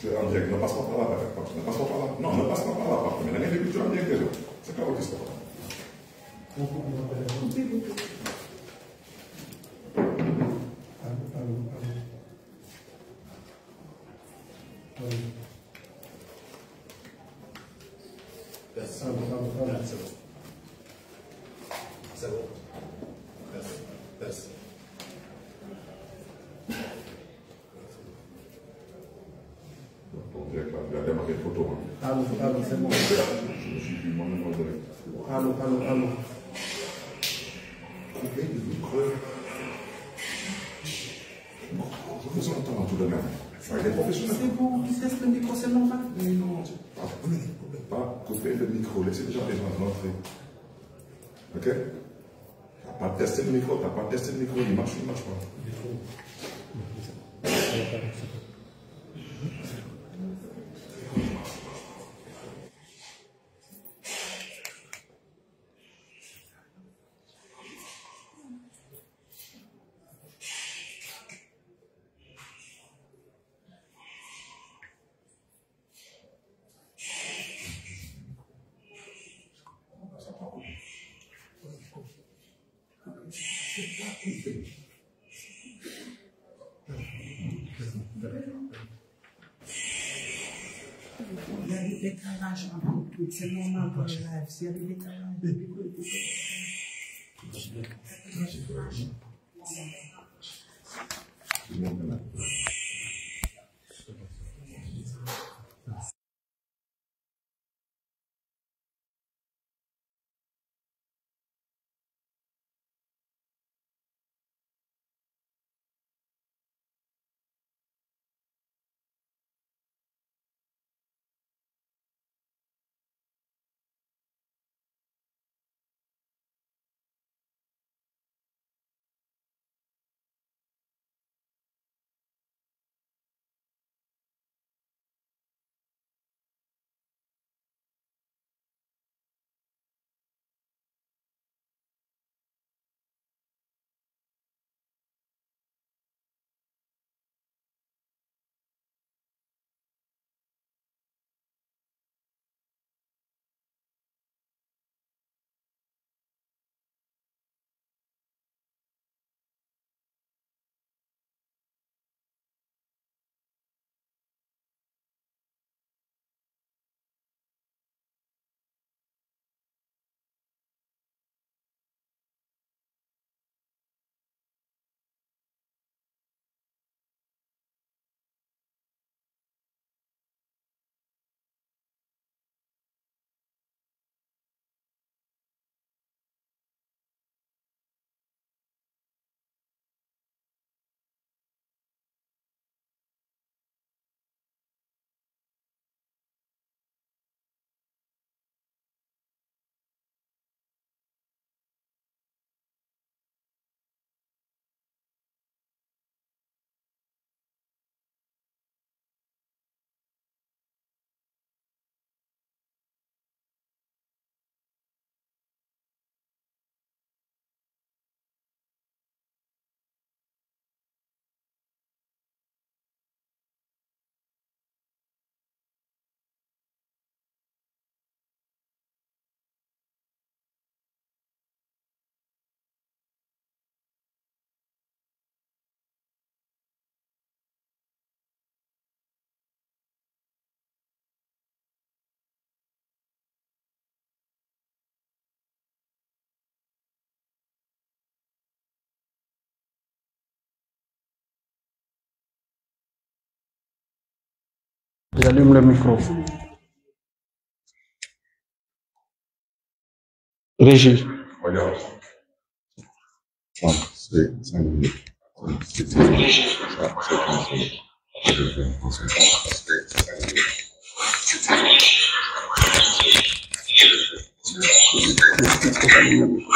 Tu es rendu avec, ne passe pas par là, ne passe pas par là. Non, ne passe pas par là, par contre. Mais l'année début, tu es rendu avec déjà. C'est clair, Auguste. That's all. That's all. That's all. Allô, allô, c'est bon. Je suis du Mohamed Mandel. Allô, allô, allô. Trouver des épreuves. Bon, je fais ça longtemps tout de même. Enfin, il est professionnel. C'est bon, tu testes le micro, c'est normal. Mais non, pas Pas couper le micro, laissez déjà les gens rentrer. Ok T'as pas testé le micro, t'as pas testé le micro, il Il y a des décalages entre toutes. C'est normal pour le live. S'il y a des décalages, J'allume le micro. Régis. Regarde. C'est 5 minutes. C'est 5 minutes. C'est 5 minutes. C'est 5 minutes.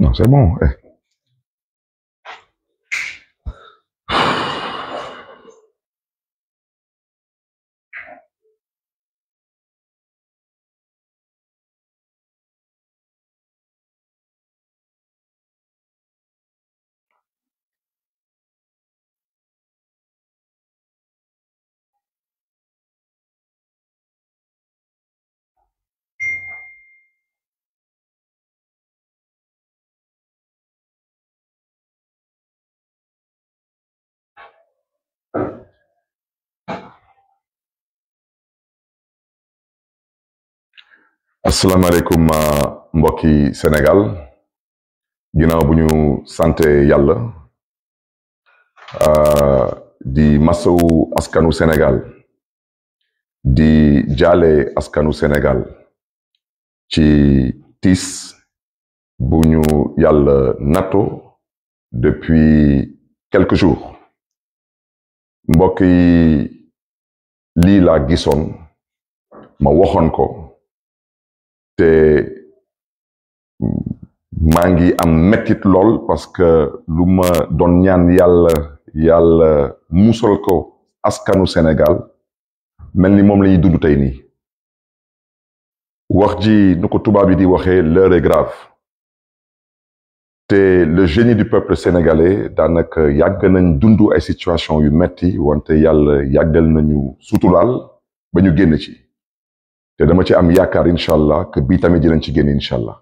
Non, c'est bon. asalaamaaleykum ah, mbokki Sénégal ginnaaw bu ñu sante yàlla ah, di masawu askanu Sénégal di jaale askanu Sénégal ci tiis bu ñu yàlla natto depuis quelques jours mbokk yi lii laa gisoon ma waxoon ko te mm, maa ngi am mettit lool parce que lu ma doon ñaan yàlla yàlla musal ko askanu Sénégal mel ni moom lañuy dund tey nii wax ji nu ko tubaab yi di waxee l'heure est grave te le génie du peuple sénégalais daanaka yàgg nañ dund ay situation yu metti wante yàlla yàggal nañu suturaal ba ñu génn ci te dama ci am yaakaar incha allah bii tamit dinañ ci génn incha allah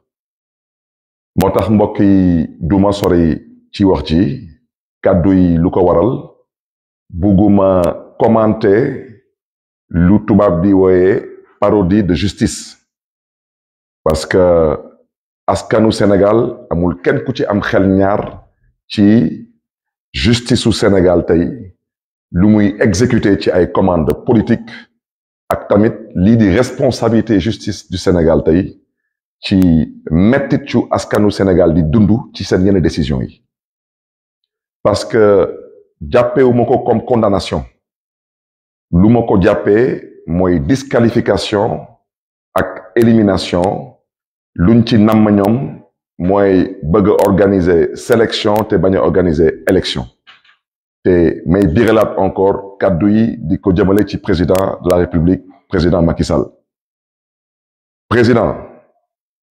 moo tax mbokk yi du ma sori ci wax ci kàddu yi lu ko waral bugguma commenter lu tubaab bi wooye parodie de justice parce que askanu Sénégal amul kenn ku ci am xel ñaar ci justice su Sénégal tey lu muy exécuter ci ay commande politique ak tamit lii di responsabilité justice du Sénégal tey ci mettit cu askanu Sénégal di dund ci seen yenn décision yi parce que jàppewuma ko comme condamnation lu ma ko jàppee mooy disqualification ak élimination luñ ci namm ñoom mooy bëgg a organiser sélection te bañ a organiser élection te may biralaat encore kàddu yi di ko jëmale ci président de la république président Macky Sall président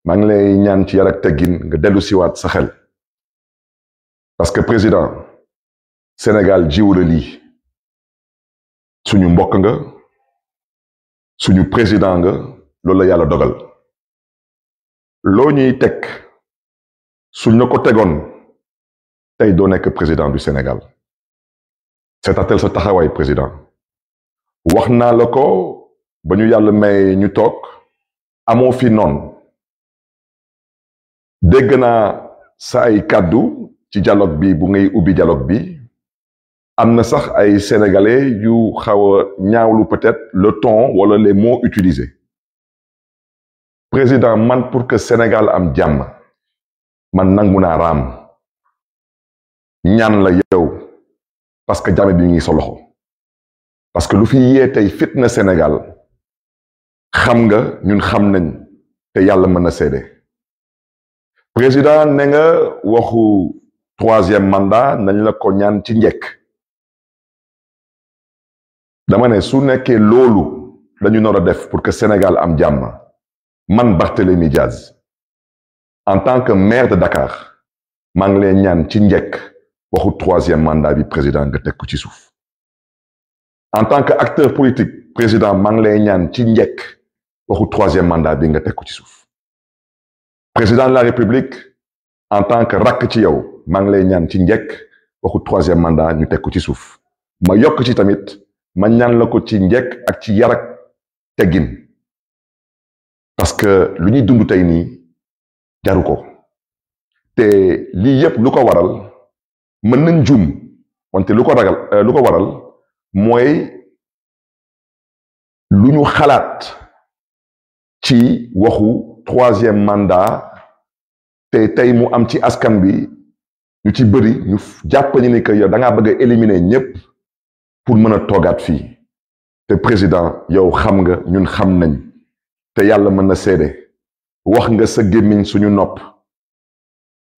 maa ngi lay ñaan ci yar teggin nga dellu sa xel parce que président Sénégal jiwu la lii suñu mbokk nga suñu président nga loolu la yàlla dogal loo ñuy teg suñ na ko tegoon tey doo nekk président du Sénégal seetaatal sa taxawaay président wax naa la ko ba ñu yàlla may ñu toog amoo fi noon dégg naa sa ay kàddu ci dialogue bi bu ngay ubbi dialogue bi am na sax ay sénégalais yu xaw a ñaawlu peut le ton wala le mots utilisés président man pour que Sénégal am jàmm man nangu naa raam ñaan la yow parce que jàmm bi ngi sa loxo parce que lu fi yee tey fitna Sénégal xam nga ñun xam nañ te yàlla mën na seede président ne nga waxu troisième mandat nañ la ko ñaan ci njëkk dama ne su nekkee loolu lañu nar a def pour que Sénégal am jàmm man Barthélémy Diaz en tant que maire de Dakar maa ngi leen ñaan ci njëkk waxu troisième mandat bi président nga teg ko ci suuf en tant que acteur politique président maa ngi lay ñaan ci njekk waxu troisième mandat bi nga teg ko ci suuf président de la république en tant que rakk ci yow maa ngi lay ñaan ci njekk waxu troisième mandat ñu teg ko ci suuf ma yokk ci tamit ma ñaan la ko ci njekk ak ci yarak teggin parce que lu ñuy dund tey nii jaru ko te lii yépp lu ko waral mën nañ juum wante lu ko ragal euh, lu ko waral mooy lu ñu xalaat ci waxu troisième mandat te tey mu am ci askan bi ñu ci bëri ñu jàpp ñu ni que yow da éliminer ñépp pour mën a toogaat fii te président yow xam nga ñun xam nañ te yàlla mën na seede wax nga sa gémmiñ suñu nopp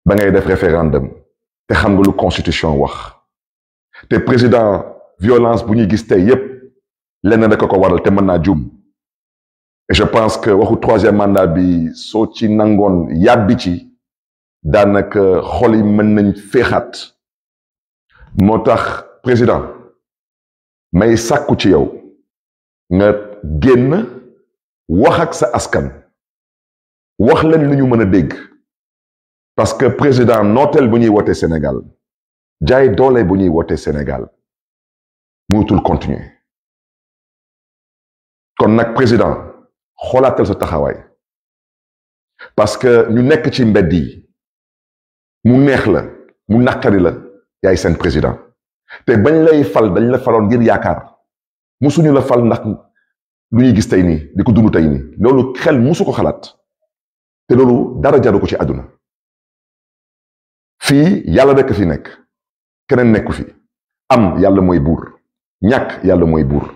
ba ngay def référendum te xam nga lu constitution wax te président violence bu ñuy gis tey yépp lenn rek ko waral te mën naa juum et je pense que waxu troisième mandat bi soo ci nangoon yàbbi ci daanaka xol mën nañ féexaat moo tax président may sàkku ci yow nga génn wax ak sa askan wax leen lu ñu mën a dégg parce que président nooteel bu ñuy wootee Sénégal jaay doolee bu ñuy wootee Sénégal mënatul continuer kon nag président xoolaatal sa taxawaay parce que ñu nekk ci mbedd yi mu neex la mu naqari la yaay seen président te bañ lay fal dañ la faloon ngir yaakaar musuñu la fal ndax lu ñuy gis tey nii di ko dund tey nii loolu xel musu ko xalaat te loolu dara jaru ko ci àdduna fii yàlla rekk fi nekk keneen nekku fi am yàlla mooy buur ñàkk yàlla mooy buur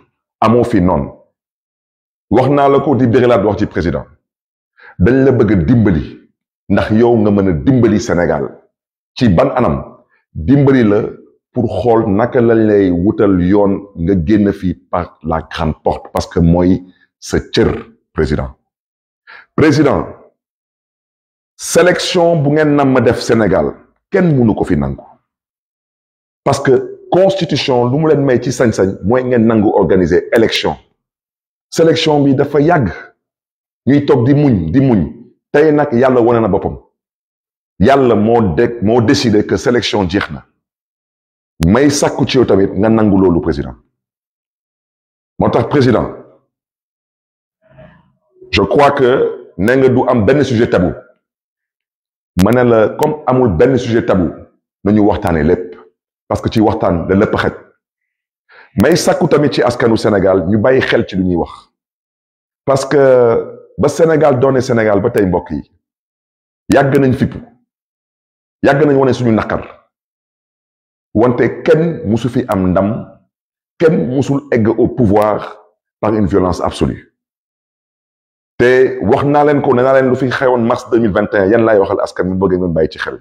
amoo fi noon wax naa la ko di bérilaat wax ci président dañ la bëgg dimbali ndax yow nga mën a dimbali Sénégal ci ban anam dimbali la pour xool naka lañ lay wutal yoon nga génn fii par parce que mooy sa cër président président sélection bu ngeen nam ma def Sénégal kenn mënu ko fi nangu parce que constitution lu mu leen may ci sañ-sañ mooy ngeen nangu organiser élection sélection bi dafa yàgg ñuy toog di muñ di muñ tey nag yàlla wane na boppam yàlla moo de moo décidé que sélection jeex na may sàkku ci yow tamit nga nangu loolu président moo tax président je crois que ne nga du am benn sujet tabou ma ne la comme amul benn sujet tabou ñu waxtaanee lépp parce que ci waxtaan la lépp xaj may sakku tamit ci askanu Sénégal ñu bàyyi xel ci lu ñuy wax parce que ba Sénégal doone Sénégal ba tey mbokk yi yàgg nañ fippu yàgg nañ wane suñu naqar wante kenn musu fi am ndam kenn musul egg au pouvoir par une violence absolue te wax naa leen ko ne naa leen lu fi xewoon mars deux mille vingt et un yan laay waxal askan bu bëgg ngeen bàyyi ci xel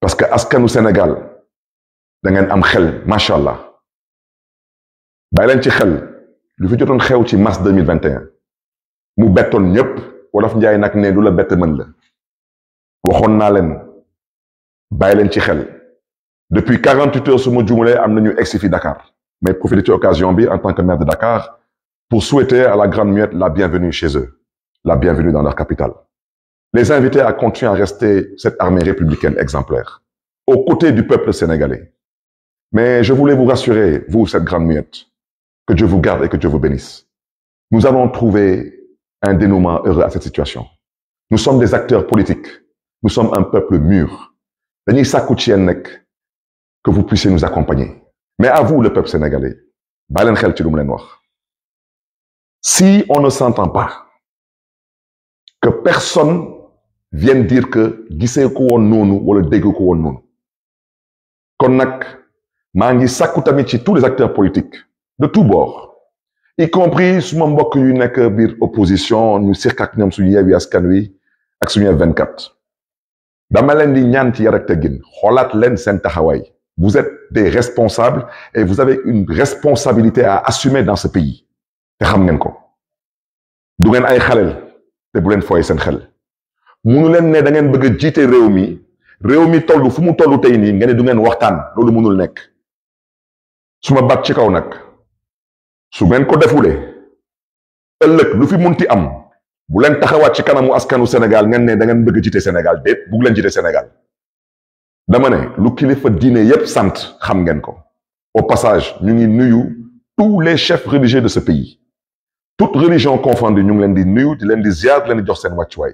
parce que askanu Sénégal da ngeen am xel macha allah bàyyi leen ci xel lu fi jotoon xew ci mars deux mille vingt mu bettoon ñépp wolof njaay nag ne du la bett mën la waxoon naa leen bàyyi leen ci xel depuis quarante huit heures su ma jumalee am nañu egsi fi Dakar mais profité ci occasion bi Dakar pour souhaiter à la Grande Muette la bienvenue chez eux, la bienvenue dans leur capitale. Les inviter à continuer à rester cette armée républicaine exemplaire, aux côtés du peuple sénégalais. Mais je voulais vous rassurer, vous, cette Grande Muette, que Dieu vous garde et que Dieu vous bénisse. Nous allons trouver un dénouement heureux à cette situation. Nous sommes des acteurs politiques. Nous sommes un peuple mûr. Dañuy sàkku ci yéen nag que vous puissiez nous Mais à vous, le peuple sénégalais, leen xel ci lu leen wax. Si on ne s'entend pas, que personne vienne dire que gisee ko woon noonu wala dégg ko woon noonu kon nag maa ngi sàkku tamit ci tous les acteurs politiques de tous bords y compris suma mbokk yu nekk biir opposition ñu seq ak ñoom suñu Yewwi Askan Wi ak suñu F24 dama leen di ñaan ci yar ak teggin xoolaat leen seen taxawaay vous êtes des responsables et vous avez une responsabilité à assumer dans ce pays te xam ngeen ko du ngeen ay xaleel te bu leen fooy seen xel mu munu leen ne da ngeen bëgg jiite réew mi réew mi toll fu mu tollu tey nii ngeen du ngeen waxtaan loolu munul nekk su ma bat ci kaw nag su ngeen ko defulee ëllëg lu fi munti am bu leen taxawaat ci kanamu askanu Sénégal ngeen ne da ngeen bëgg jiite Sénégal déet bugg leen jiite Sénégal dama ne lu kilifa diine yépp sant xam ngeen ko au passage ñu ngi nuyu tous les chefs religieux de ce pays toute religion confondue ñu ngi leen di nuyu di leen di ziar di leen di jox seen wàccuwaay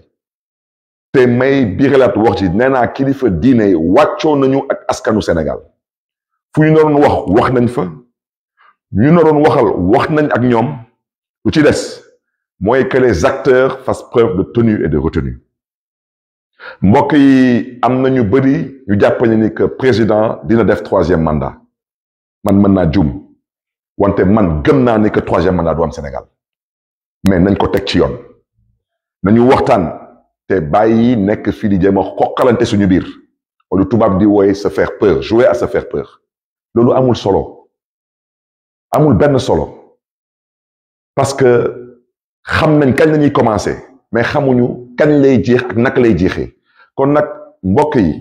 te may biiralaat wax ci nee naa kilifa diine wàccoo nañu ak askanu Sénégal fu ñu naroon wax wax nañ fa ñu naroon waxal wax nañ ak ñoom lu ci des mooy que les acteurs fassent preuve de tenue et de retenue mbokk yi am na ñu bëri ñu jàpp ni que président dina def troisième mandat man mën naa juum wante man gëm naa ni que troisième mandat du am Sénégal. mais nañ ko teg ci yoon nañu waxtaan te nekk fii di jéem a xoqalante suñu biir wala tubaab di wooye se faire peur jouer à se faire peur loolu amul solo amul benn solo parce que xam nañ kañ lañuy commencer mais xamuñu kañ lay jeex naka lay jeexee kon nag mbokk yi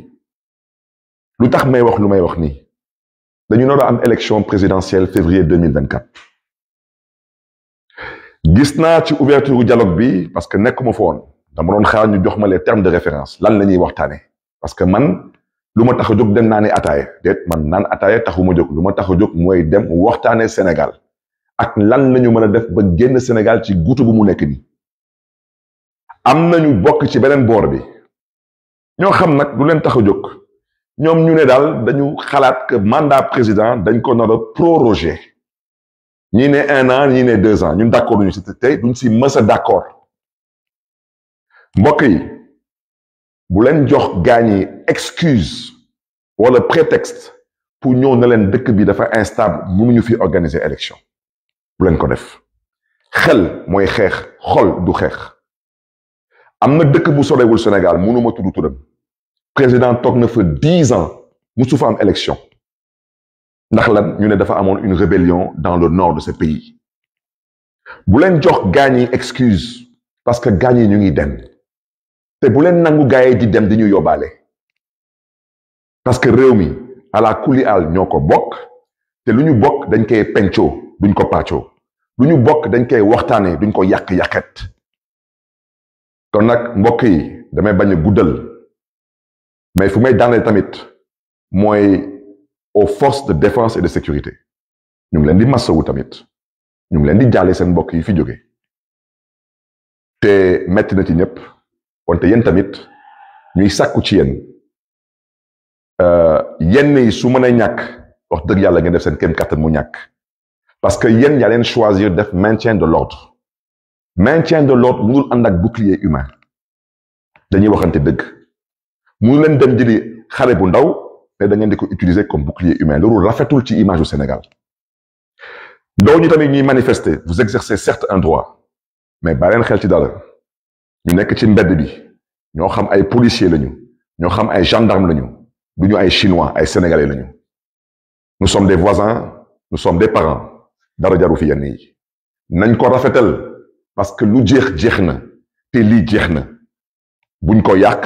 lu tax may wax lu may wax ni dañu nar a am élection présidentielle février 2024 gis naa ci ouverture dialogue bi parce que nekkuma woon dama doon xaar ñu jox ma les termes de référence lan la ñuy waxtaane parce que man lu ma tax a jóg dem naa ni ataaya déet man naan ataaya taxuma jóg lu ma tax a jóg mooy dem waxtaane Sénégal ak lan la ñu mën a def ba génn Sénégal ci guutu bu mu nekk nii am nañu bokk ci beneen boor bi ñoo xam nag lu leen tax a jóg ñoom ñu ne daal dañu xalaat que mandat président dañ ko nar a proroger ñii ne un an ñii ne deux ans ñun d' accord ñu si tey duñ si mës a d' mbokk yi bu leen jox gaañi yi wala prétexte pour ñëw na leen dëkk bi dafa instable mënuñu fi organiser élection bu leen ko def xel mooy xeex xol du xeex am na dëkk bu sorewul Sénégal mënuma tudd turam président toog na fa dix ans musu fa am élection ndax lan ñu ne dafa amoon une rébellion dans le nord de ce pays bu leen jox gaañ yi excuse parce que gaañ yi ñu ngi dem te bu leen nangu gaay di dem di ñu yóbbaale parce que réew mi ala kuli al ñoo ko bokk te lu ñu bokk dañ koy pencoo duñ ko pàccoo lu ñu bokk dañ koy waxtaanee duñ ko yàq-yàqet kon nag mbokk yi damay bañ a guddal mais fu may daaneel tamit mooy aux forces de défense et de sécurité ñu ngi leen di masawu tamit ñu ngi leen di jaale seen mbokk yi fi jóge te metti ci ñëpp wante yéen tamit ñuy sàkku ci yéen euh, yenn yi su mën a ñàkk wax dëgg yàlla ngeen def seen kéem kàttan mu ñàkk parce que yéen yaa leen choisir def maintien de l'ordre maintien de l'ordre mënul ànd ak bouclier humain dañuy waxante dëgg mu mënu leen dem jëli xare bu ndaw mais da ngeen di ko utiliser comme bouclier humain loolu rafetul ci image du Sénégal ndaw ñi tamit ñi manifester vous exercez certes un droit mais bàyyi leen ci dara ñu nekk ci mbedd bi ñoo xam ay policiers lañu ñoo xam ay gendarmes lañu du ñu ay chinois ay sénégalais lañu nous sommes de voisins nous sommes des parents dara jaru fi yenn yi nañ koo rafetal parce que lu jeex jeex na te lii jeex na buñ koo yàq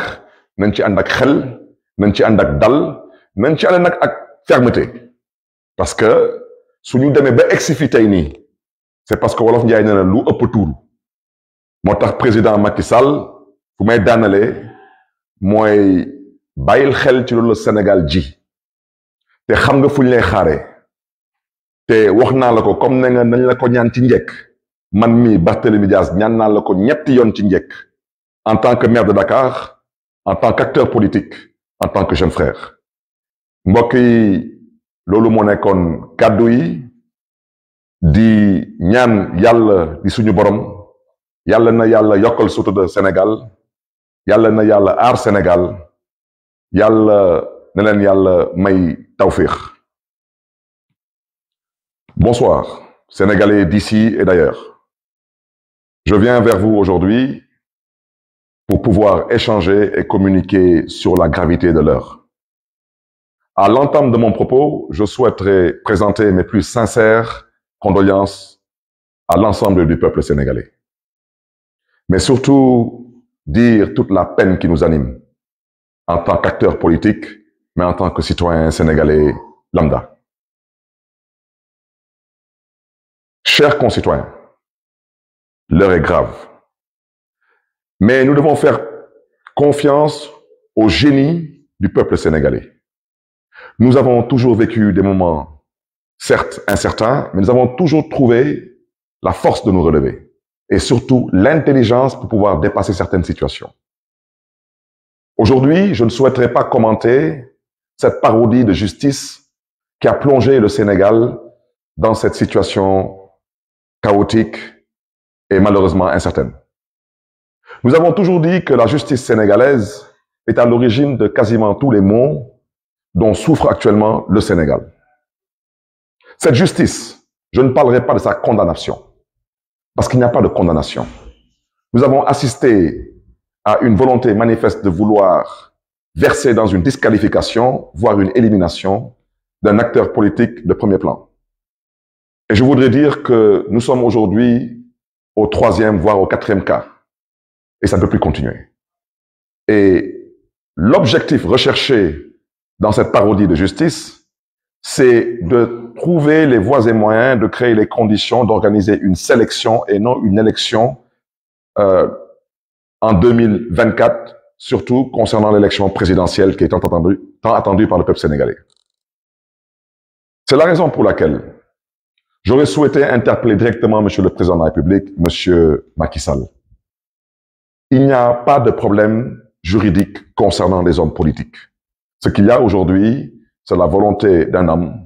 nañ ci ànd ak xel nañ ci ànd ak dal. nañ ci ànd nag ak fermeté parce que su suñu demee ba egsi fi tey nii c'est parce que wolof njaay nee na lu ëpp tuuru moo tax président Macky Sall fu may daanalee mooy bàyyil xel ci loolu la Sénégal ji te xam nga fu ñu lay xaaree te wax naa la ko comme ne nga nañ la ko ñaan ci njëkk man mii Barthélémy Dias ñaan naa la ko ñetti yoon ci njëkk en tant que maire de Dakar en tant acteur politique en tant que jeune frère mbokk yi loolu moo nekkoon kàddu di ñaan yàlla di suñu borom yàlla na yàlla yokkal sutura Sénégal yàlla na yàlla aar Sénégal yàlla na leen yàlla may tawfiix bonsoir Sénégalais d'ici et d'ailleurs je viens vers vous aujourd'hui pour pouvoir échanger et communiquer sur la gravité de l'heure À l'entame de mon propos, je souhaiterais présenter mes plus sincères condoléances à l'ensemble du peuple sénégalais. Mais surtout, dire toute la peine qui nous anime en tant qu'acteur politique, mais en tant que citoyen sénégalais lambda. Chers concitoyens, l'heure est grave. Mais nous devons faire confiance au génie du peuple sénégalais Nous avons toujours vécu des moments, certes incertains, mais nous avons toujours trouvé la force de nous relever et surtout l'intelligence pour pouvoir dépasser certaines situations. Aujourd'hui, je ne souhaiterais pas commenter cette parodie de justice qui a plongé le Sénégal dans cette situation chaotique et malheureusement incertaine. Nous avons toujours dit que la justice sénégalaise est à l'origine de quasiment tous les maux dont souffre actuellement le Sénégal. Cette justice, je ne parlerai pas de sa condamnation, parce qu'il n'y a pas de condamnation. Nous avons assisté à une volonté manifeste de vouloir verser dans une disqualification, voire une élimination, d'un acteur politique de premier plan. Et je voudrais dire que nous sommes aujourd'hui au troisième, voire au quatrième cas. Et ça ne peut plus continuer. Et l'objectif recherché dans cette parodie de justice, c'est de les voies et de créer les conditions d'organiser une sélection et non une élection euh, en 2024, surtout concernant l'élection présidentielle qui est tant attendue, tant attendue par le peuple directement Monsieur le Président de la République, Monsieur Macky de problème juridique concernant les hommes politiques. Ce qu'il y a aujourd'hui, c'est la volonté d'un homme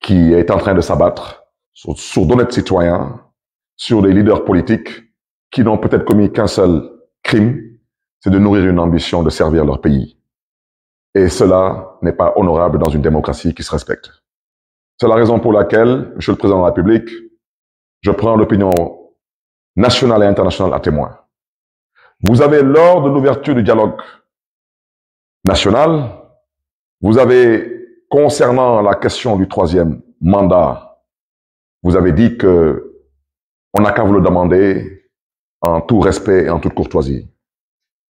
qui est en train de s'abattre sur, sur d'honnêtes citoyens, sur des leaders politiques qui n'ont peut-être commis qu'un seul crime, c'est de nourrir une ambition de servir leur pays. Et cela n'est pas honorable dans une démocratie qui se respecte. C'est la raison pour laquelle, Monsieur le Président de la République, je prends l'opinion nationale et internationale à témoin. Vous avez, lors de l'ouverture national Vous avez, concernant la question du troisième mandat, vous avez dit que n'a qu'à vous le demander en tout respect et en toute courtoisie.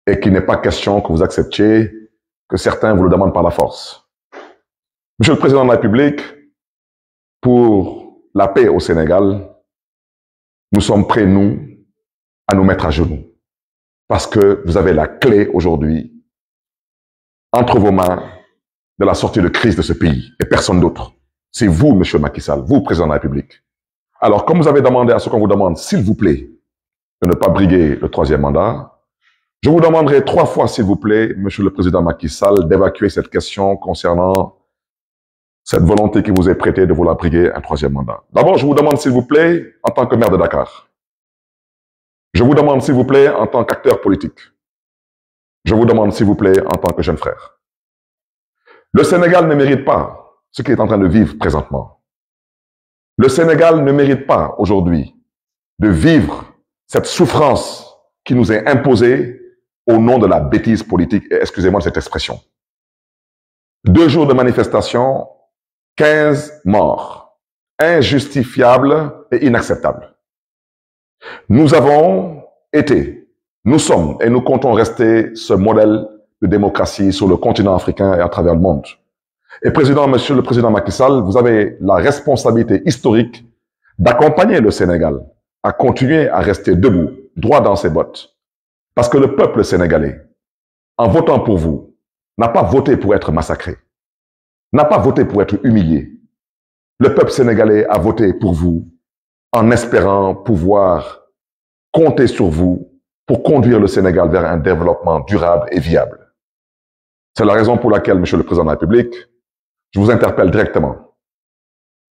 Et qu'il n'est pas question que vous acceptiez que certains vous le demandent par la force. Monsieur le Président de la République, pour la paix au Sénégal, nous sommes prêts, nous, à nous mettre à genoux. Parce que vous avez la clé aujourd'hui entre vos mains de la sortie de crise de ce pays et personne d'autre. C'est vous, Monsieur Macky vous, président de la République. Alors, comme vous avez demandé à ce qu'on vous demande, s'il vous plaît, de ne pas briguer le troisième mandat, je vous demanderai trois fois, s'il vous plaît, Monsieur le Président Macky d'évacuer cette question concernant cette volonté qui vous est prêtée de vouloir briguer un troisième mandat. D'abord, je vous demande, en tant que Je vous demande, s'il vous plaît, en tant que jeune frère. Le Sénégal ne mérite pas ce qu'il est en train de vivre présentement. Le Sénégal ne mérite pas aujourd'hui de vivre cette souffrance qui nous est imposée au nom de la bêtise politique, et excusez-moi de cette expression. Deux jours de manifestation, 15 morts, injustifiables et inacceptables. Nous avons été Nous sommes et nous comptons rester ce modèle de démocratie sur le continent africain et à travers le monde. Et président, monsieur le président Macky vous avez la responsabilité historique d'accompagner le Sénégal à continuer à rester debout, droit dans ses bottes. Parce que le peuple sénégalais, en votant pour vous, n'a pas voté pour être massacré, n'a pas voté pour être humilié. Le peuple sénégalais a voté pour vous en espérant pouvoir compter sur pour conduire le Sénégal vers un développement durable et viable. C'est la raison pour laquelle, Monsieur le Président de la République, je vous interpelle directement.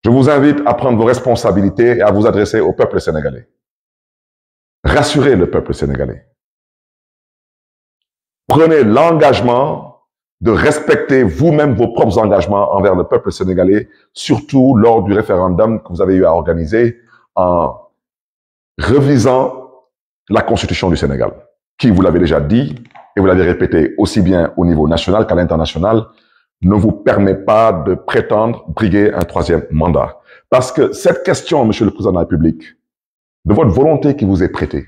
Je vous invite à prendre vos responsabilités et à vous adresser au peuple sénégalais. Rassurez le peuple sénégalais. Prenez l'engagement de respecter vous-même vos propres engagements envers le peuple sénégalais, surtout lors du référendum que vous avez eu à organiser en revisant la Constitution du Sénégal, qui, vous l'avez déjà dit, et vous l'avez répété aussi bien au niveau national qu'à l'international, ne vous permet pas de prétendre briguer un troisième mandat. Parce que cette question, Monsieur le Président de la République, de votre volonté qui vous est prêtée,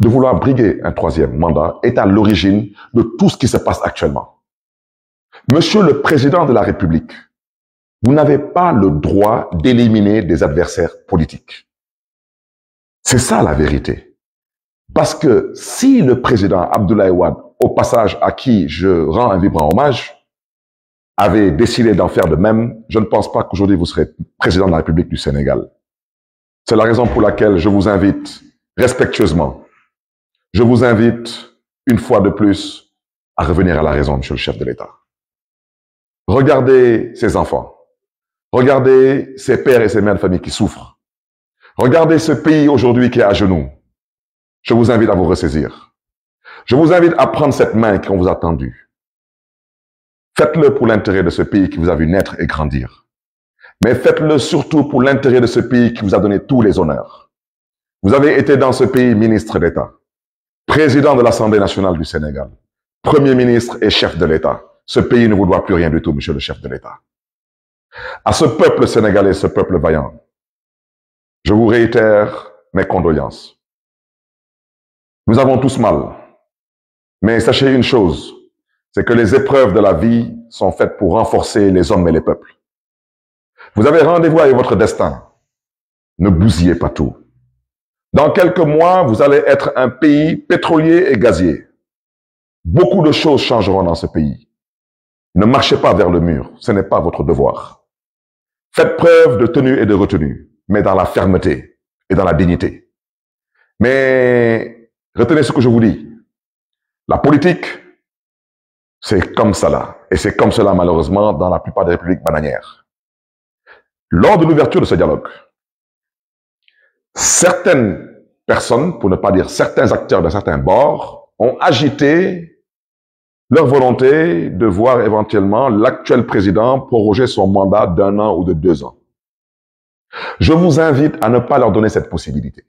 de vouloir briguer un troisième mandat, est à l'origine de tout ce qui se passe actuellement. Monsieur le Président de la République, vous n'avez pas le droit d'éliminer la vérité. Parce que si le président Abdoulaye Wade, au passage à qui je rends un vibrant hommage, avait décidé d'en faire de même, je ne pense pas qu'aujourd'hui vous serez président de la République du Sénégal. C'est la raison pour laquelle je vous invite respectueusement, je vous invite une fois de plus à revenir à la raison, monsieur le chef de l'État. Regardez ces enfants, regardez ces pères et ces mères de famille qui souffrent, regardez ce pays aujourd'hui qui Je vous invite à vous ressaisir. Je vous invite à prendre cette main qu'on vous a tendue. Faites-le pour l'intérêt de ce pays qui vous a vu naître et grandir. Mais faites-le surtout pour l'intérêt de ce pays qui vous a donné tous les honneurs. Vous avez été dans ce pays ministre d'État, président de l'Assemblée nationale du Sénégal, premier ministre et chef de l'État. Ce pays ne vous doit plus rien du tout, monsieur le chef de l'État. À ce peuple sénégalais, Nous avons tous mal. Mais sachez une chose, c'est que les épreuves de la vie sont faites pour renforcer les hommes et les peuples. Vous avez rendez-vous avec votre destin. Ne bousillez pas tout. Dans quelques mois, vous allez être un pays pétrolier et gazier. Beaucoup de choses changeront dans ce pays. Ne marchez pas vers le mur, ce n'est pas votre devoir. Faites preuve de tenue et de retenue, mais dans la fermeté et dans la dignité. Mais Retenez ce que je vous dis. La politique, c'est comme cela. Et c'est comme cela, malheureusement, dans la plupart des républiques bananières. Lors de l'ouverture de ce dialogue, certaines personnes, pour ne pas dire certains acteurs de certains bords, ont agité leur volonté de voir éventuellement l'actuel président proroger son mandat d'un an ou de deux ans. Je vous invite à ne pas leur donner cette possibilité.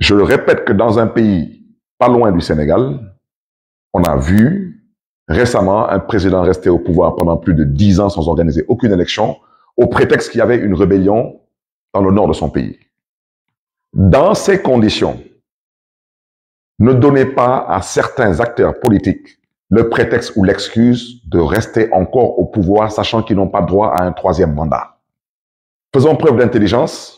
Je le répète que dans un pays pas loin du Sénégal, on a vu récemment un président rester au pouvoir pendant plus de dix ans sans organiser aucune élection, au prétexte qu'il y avait une rébellion dans le nord de son pays. Dans ces conditions, ne donnez pas à certains acteurs politiques le prétexte ou l'excuse de rester encore au pouvoir, sachant qu'ils n'ont pas droit à un troisième mandat. Faisons preuve d'intelligence,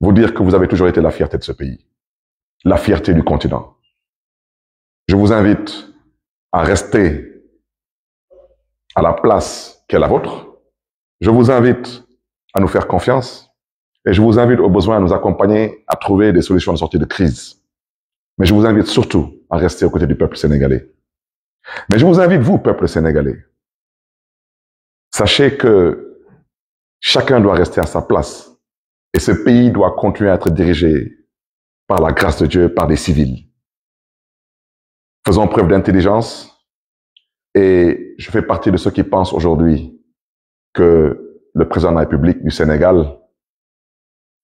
vous dire que vous avez toujours été la fierté de ce pays, la fierté du continent. Je vous invite à rester à la place qu'est la vôtre. Je vous invite à nous faire confiance et je vous invite au besoin à nous accompagner à trouver des solutions de sortie de crise. Mais je vous invite surtout à rester aux côtés du peuple sénégalais. Mais je vous invite, vous, peuple sénégalais, sachez que chacun doit rester à sa place Et ce pays doit continuer à être dirigé par la grâce de Dieu, par des civils. Faisons preuve d'intelligence. Et je fais partie de ceux qui pensent aujourd'hui que le président de la République du Sénégal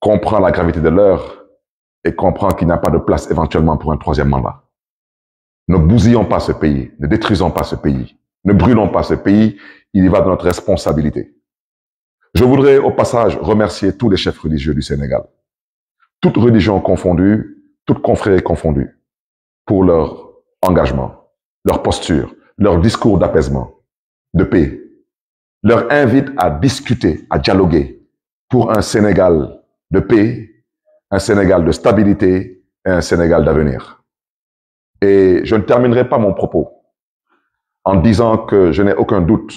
comprend la gravité de l'heure et comprend qu'il n'y a pas de place éventuellement pour un troisième mandat. Ne bousillons pas ce pays, ne détruisons pas ce pays, ne brûlons pas ce pays, il y va de notre responsabilité. Je voudrais au passage remercier tous les chefs religieux du Sénégal, toutes religions confondues, toutes confréries confondues, pour leur engagement, leur posture, leur discours d'apaisement, de paix. Leur invite à discuter, à dialoguer pour un Sénégal de paix, un Sénégal de stabilité et un Sénégal d'avenir. Et je ne terminerai pas mon propos en disant que je n'ai aucun doute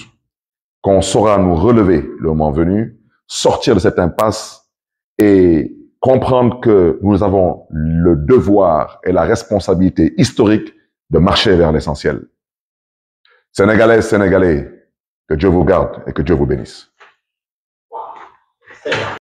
qu'on saura nous relever le moment venu, sortir de cette impasse et comprendre que nous avons le devoir et la responsabilité historique de marcher vers l'essentiel. Sénégalais, Sénégalais, que Dieu vous garde et que Dieu vous bénisse.